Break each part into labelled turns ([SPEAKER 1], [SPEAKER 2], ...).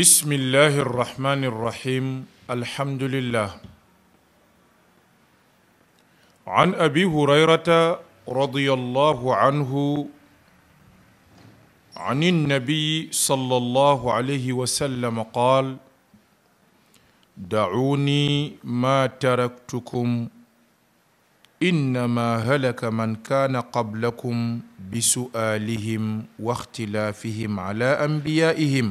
[SPEAKER 1] بسم الله الرحمن الرحيم الحمد لله عن ابي هريره رضي الله عنه عن النبي صلى الله عليه وسلم قال دعوني ما تركتكم انما هلك من كان قبلكم بسؤالهم واختلافهم على انبيائهم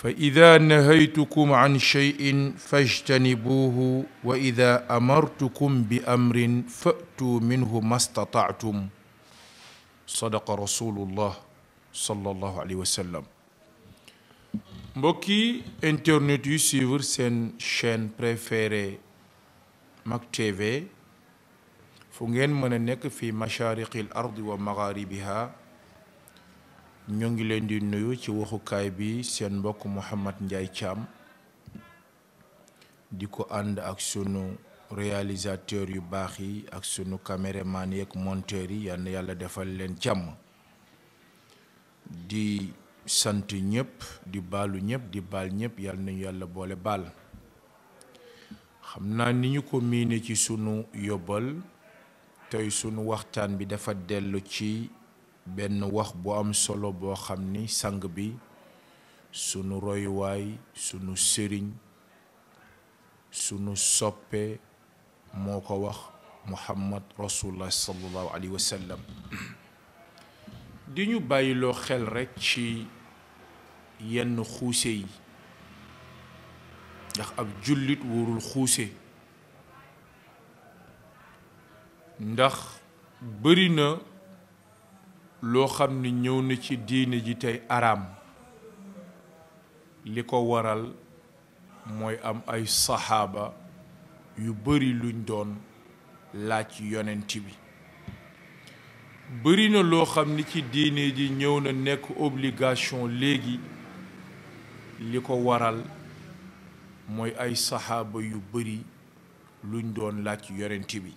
[SPEAKER 1] fa ida nahaytukum an cheyin fajtanibuuhu wa ida amartukum bi amrin fa'tuu minhu mastataatum sadaqa rasulullah sallallahu alayhi wa sallam mbokki internet yu suivre seen chaîne préférée Mak TV fu ngeen mën a nekk fi mashariqi l ardi wa magharibiha ñoo ngi leen di nuyu ci waxukaay bi seen mbokk Mouhamad Ndiaye Thiam di ko ànd ak sunu réalisateur yu baax yi ak sunu caméraman yi ak monteur yi yal yàlla defal leen càmm di sant ñëpp di baalu ñëpp di baal ñëpp yal nañu yàlla boole baal xam naa ni ñu ko miine ci sunu yóbbal tey sunu waxtaan bi dafa dellu ci benn wax bu am solo boo xam ni sang bi sunu royuwaay sunu sëriñ sunu soppe moo ko wax muhammad rasulullah sallallahu alayhi wa sallam di ñu bàyyiloo xel rekk ci yenn xuuse yi ndax ab jullit wóorul xuuse ndax bëri loo xam ni ñëw na ci diine ji tey araam li ko waral mooy am ay saxaaba yu bari luñ doon laaj yonent bi bari na loo xam ni ci diine ji ñëw na nekk obligation léegi li ko waral mooy ay saxaaba yu bari luñ doon laaj yonent bi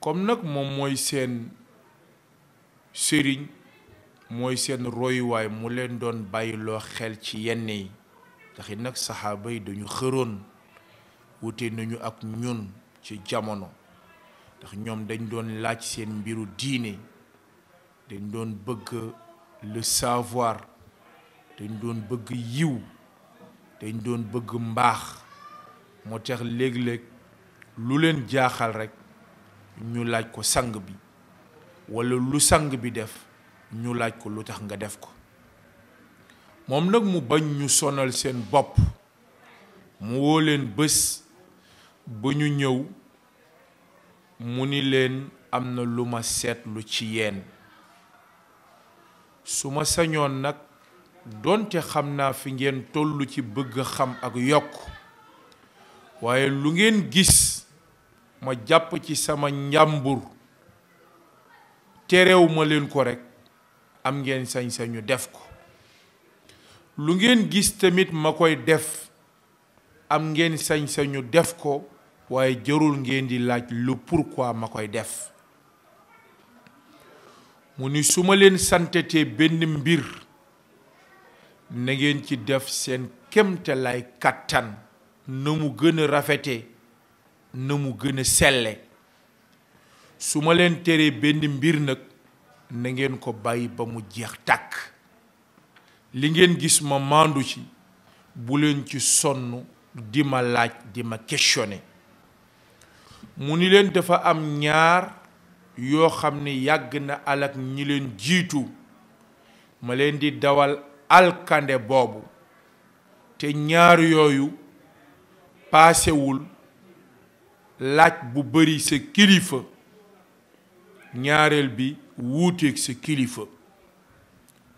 [SPEAKER 1] kom nag moom mooy seen sëriñ mooy seen royuwaay mu leen doon bàyyiloo xel ci yenn yi ndax it nag saxaaba yi dañu xëroon wute nañu ak ñun ci jamono ndax ñoom dañ doon laaj seen mbiru diine dañ doon bëgg le savoir dañ doon bëgg yiw dañ doon bëgg mbaax moo tex léeg-léeg lu leen jaaxal rekk ñu laaj ko sang bi wala lu sang bi def ñu laaj ko lu tax nga def ko moom nag mu bañ ñu sonal seen bopp mu woo leen bés ba ñu ñëw mu ni leen am na lu ma seetlu ci yéen su ma sañoon nag doonte xam naa fi ngeen tollu ci bëgg xam ak yokk waaye lu ngeen gis ma jàpp ci sama njàmbur tereew leen ko rekk am ngeen sañ-sañu def ko lu ngeen gis tamit ma koy def am ngeen sañ-sañu def ko waaye jarul ngeen di laaj lu pourquoi ma koy def mu ni suma ma leen santatee benn mbir na ngeen ci def seen kemtalaay kàttan na mu gën a rafete na mu gën a selle su ma leen teree benn mbir nag na ngeen ko bàyyi ba mu jeex tàkk li ngeen gis ma maandu ci bu leen ci sonn di ma laaj di ma questionné mu ni leen dafa am ñaar yoo xam ne yàgg na alak ñi leen jiitu ma leen di dawal alkande boobu te ñaar yooyu paasewul laaj bu bari sa kilifa ñaareel bi wuuteeg sa kilifa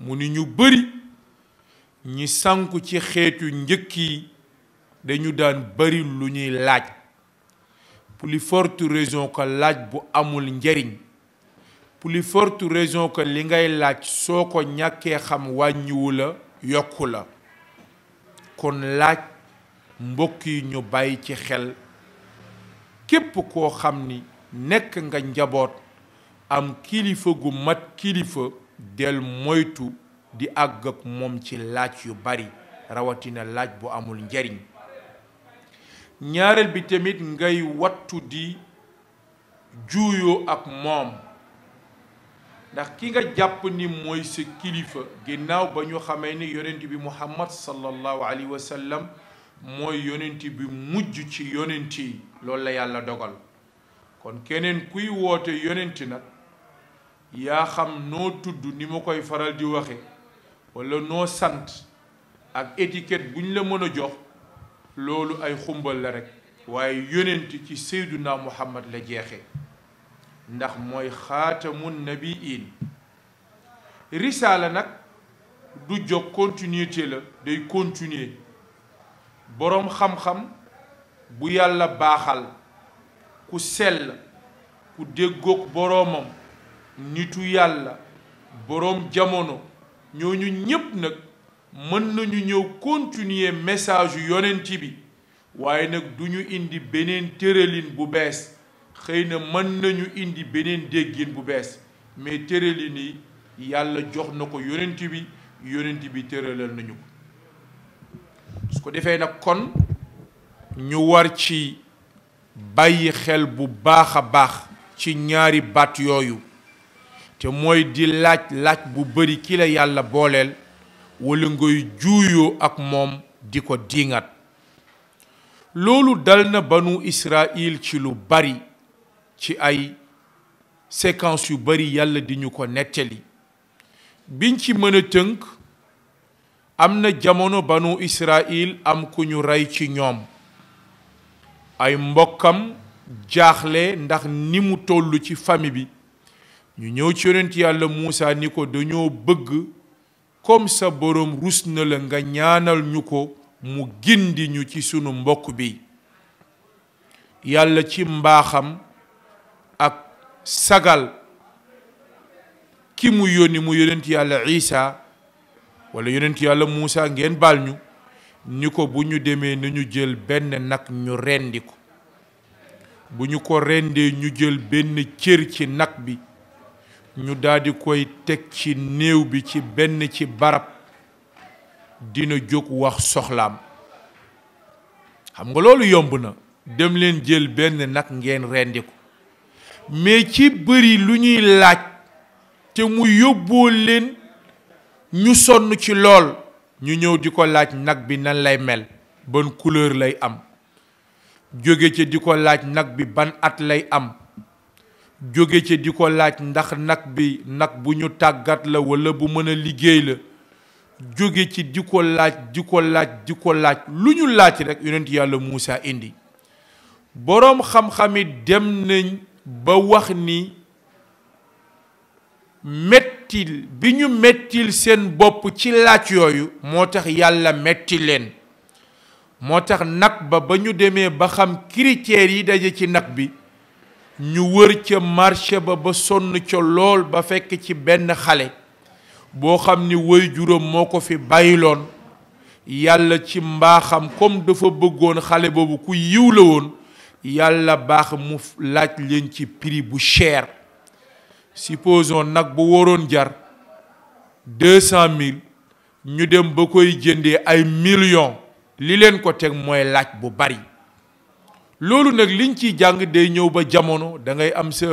[SPEAKER 1] mu ni ñu bari ñi sanku ci xeetu njëkk yi dañu daan bari lu ñuy laaj plus raison que laaj bu amul njariñ plus forte raison que li ngay laaj soo ko ñàkkee xam wàññiwu la yokku la kon laaj mbokk yi ñu bàyyi ci xel képp koo xam ni nekk nga njaboot am kilifa gu mat kilifa del moytu di àgg ak moom ci laaj yu bari rawatina laaj bu amul njariñ ñaareel bi tamit ngay wattu di juuyoo ak moom ndax ki nga jàpp ni mooy sa kilifa ginnaaw ba ñu xamee ni yonent bi muhammad sallallahu alayhi wa sallam mooy yonent bi mujj ci yonent yi la yàlla dogal kon keneen kuy woote yonent nag yaa xam noo tudd ni ma koy faral di waxe walla noo sant ak étiquette bu ñu la mën a jox loolu ay xumbal la rekk waaye yonent ci seyduna muhammad la jeexe ndax mooy xaatamun nabiin risaala nag du jóg continuité la day continue boroom xam-xam bu yàlla baaxal ku sell ku déggoog boroomam nitu yàlla boroom jamono ñooñu ñépp nag mën nañu ñëw continuer message yu yonent bi waaye nag du ñu indi beneen tëralin bu bees xëy na mën nañu indi beneen déggin bu bees mais tëralin yi yàlla jox na ko yonent bi yonent bi tëralal nañu ko su ko defee nag kon ñu war ci bàyyi xel bu baax a baax ci ñaari baat yooyu te mooy di laaj laaj bu bari kila yàlla booleel wala ngay juuyoo ak moom di ko diingat loolu dal na banu Israël ci lu bari ci ay séquence yu bari yàlla di ñu ko nettali biñ ci mën a tënk am na jamono banu Israël am ku ñu rey ci ñoom ay mbokkam jaaxle ndax ni mu toll ci famille bi ñu ñëw ci yonent yàlla Muusa ni ko dañoo bëgg comme sa boroom rus na la nga ñaanal ñu ko mu gindi ñu ci sunu mbokk bi yàlla ci mbaaxam ak sagal ki mu yónni mu yonent yàlla Isa wala yonent yàlla Muusa ngeen baal ñu ni ko bu ñu demee ñu jël benn nag ñu rendi ko bu ñu ko rendee ñu jël benn cër ci nag bi ñu daldi koy teg ci néew bi ci benn ci barab dina jóg wax soxlaam xam nga loolu yomb na dem leen jël benn nag ngeen rendi ko mais ci bëri lu ñuy laaj te mu yóbboo leen ñu sonn ci lool ñu ñëw di ko laaj nag bi nan lay mel ban couleur lay am jóge ca di ko laaj nag bi ban at lay am jóge ci di ko laaj ndax nag bi nag bu ñu tàggat la walla bu mën a liggéey la jóge ci di ko laaj di ko laaj di laaj lu ñu laaj rekk yonent yàlla Muusa indi boroom xam-xami dem nañ ba wax ni mettil bi ñu mettil seen bopp ci laaj yooyu moo tax yàlla metti leen moo tax nag ba ba ñu demee ba xam critères yi daje ci nag bi ñu wër ca marché ba ba sonn ca lool ba fekk ci benn xale boo xam ni woy juróom moo ko fi bàyyiloon yàlla ci mbaaxam dafa bëggoon xale boobu ku yiw yàlla baax mu laaj leen ci prix bu cher supposons nag bu waroon jar deux cent ñu dem ba koy jëndee ay millions li leen ko teg mooy laaj bu bari loolu nag liñ ciy jàng day ñëw ba jamono dangay am sa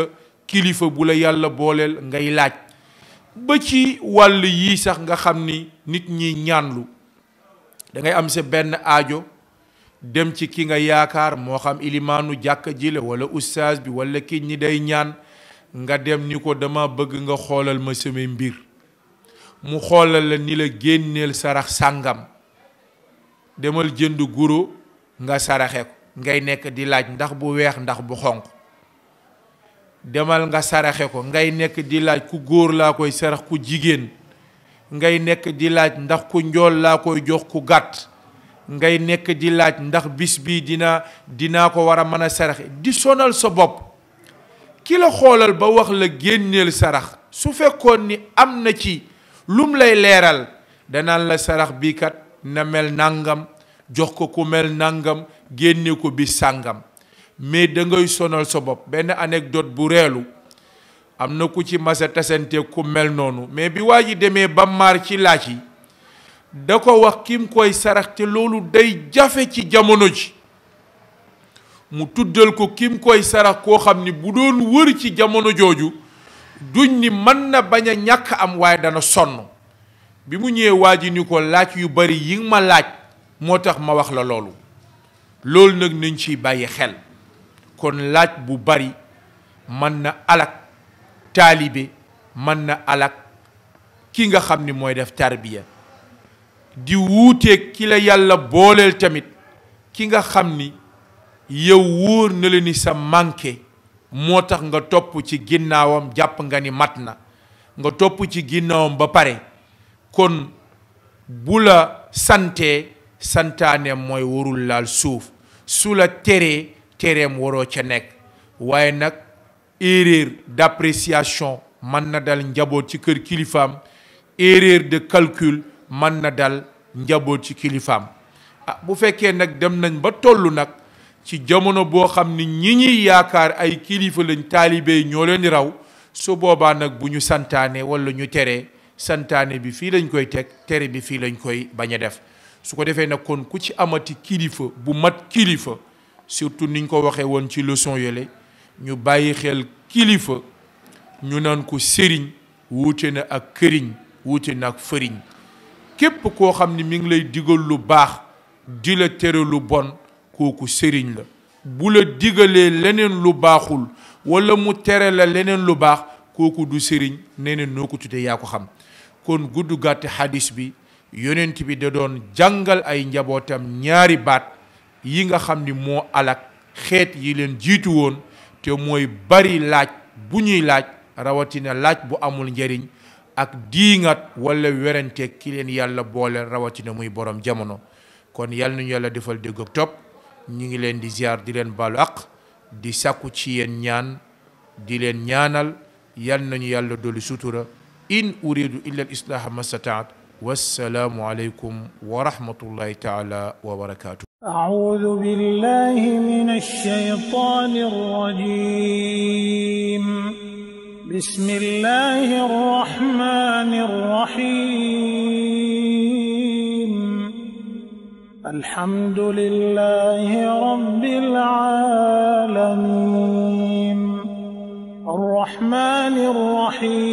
[SPEAKER 1] kilifa bu la yàlla booleel ngay laaj ba ci wàll yii sax nga xam ni nit ñi ñaanlu da ngay am sa benn aajo dem ci ki nga yaakaar moo xam ilimaanu jàkka ji la wala ustaas bi wala ki ñi day ñaan nga dem ni ko dama bëgg nga xoolal ma samay mbir mu xoolal la ni la génneel sarax sàngam demal jënd guro nga saraxe ngay nekk di laaj ndax bu weex ndax bu xonq demal nga saraxe ko ngay nekk di laaj ku góor laa koy sarax ku jigéen ngay nekk di laaj ndax ku njool laa koy jox ku gàtt ngay nekk di laaj ndax bis bii dina dinaa ko war a mën a saraxe di sonal sa bopp ki xoolal ba wax la génneel sarax su fekkoon ni am na ci lum lay leeral danaan la sarax bii kat na mel ndàngam jox ko ku mel nangam génne ko bi sàngam mais da ngay sonal sa bopp benn anecdote bu reelu am na ku ci masa tasante ku mel noonu mais bi waa ji demee ba maar ci laaj yi da ko wax kim koy sarax te loolu day jafe ci jamono ji mu tuddal ko kim koy sarax koo xam ni bu doon wër ci jamono jooju duñ ni mën na bañ a ñàkk am waaye dana sonn bi mu ñëwee waa ji ni ko laaj yu bari yi ma laaj moo tax ma wax la loolu loolu nag nañ ciy bàyyi xel kon laaj bu bari mën na alak taalibe mën na alak ki nga xam ni mooy def tarbiya di wuuteeg ki la yàlla booleel tamit ki nga xam ni yow wóor na la ni sa manqué moo tax nga topp ci ginnaawam jàpp nga ni mat na nga topp ci ginnaawam ba pare kon bu la santee santaaneem mooy warul laal suuf su la teree tereem waroo ca nekk waaye nag erreur d'appréciation mën na dal njaboot ci kër kilifaam éréer de calcul mën na dal njaboot ci kilifaam ah bu fekkee nag dem nañ ba tollu nag ci jamono boo xam ni ñi ñuy yaakaar ay kilifa lañ taalibe ñoo leen di raw su boobaa nag bu ñu santaane walla ñu tere santaane bi fii lañ koy teg tere bi fii lañ koy bañ a def su ko defee nag kon ku ci amati kilifa bu mat kilifa surtout niñ ko waxee woon ci leçon yële ñu bàyyi xel kilifa ñu naan ko sëriñ wuute na ak këriñ wuute na ak fëriñ képp koo xam ni mi ngi lay digal lu baax di la tere lu bon kooku sëriñ la bu la digalee leneen lu baaxul wala mu tere la leneen lu baax kooku du sëriñ neeneen noo ko tuddee yaa ko xam kon gudd gàtt xadis bi yonent bi da doon jàngal ay njabootam ñaari baat yi nga xam ni moo alak xeet yi leen jiitu woon te mooy bari laaj bu ñuy laaj rawatina laaj bu amul njariñ ak diingat wala werante ki leen yàlla boole rawatina muy borom jamono kon yàlla nañu yàlla defal dégg ak topp ñu ngi leen di ziar di leen baalu àq di sàkku ci yéen ñaan di leen ñaanal yàlla nañu yàlla dolli sutura in uridu illa al islaha mastataat wassalaamu aleykum wa rahmatullahi taala wa barakaatu.
[SPEAKER 2] أعوذ بالله من الشيطان الرجيم بسم الله الرحمن الرحيم الحمد لله رب العالمين الرحمن الرحيم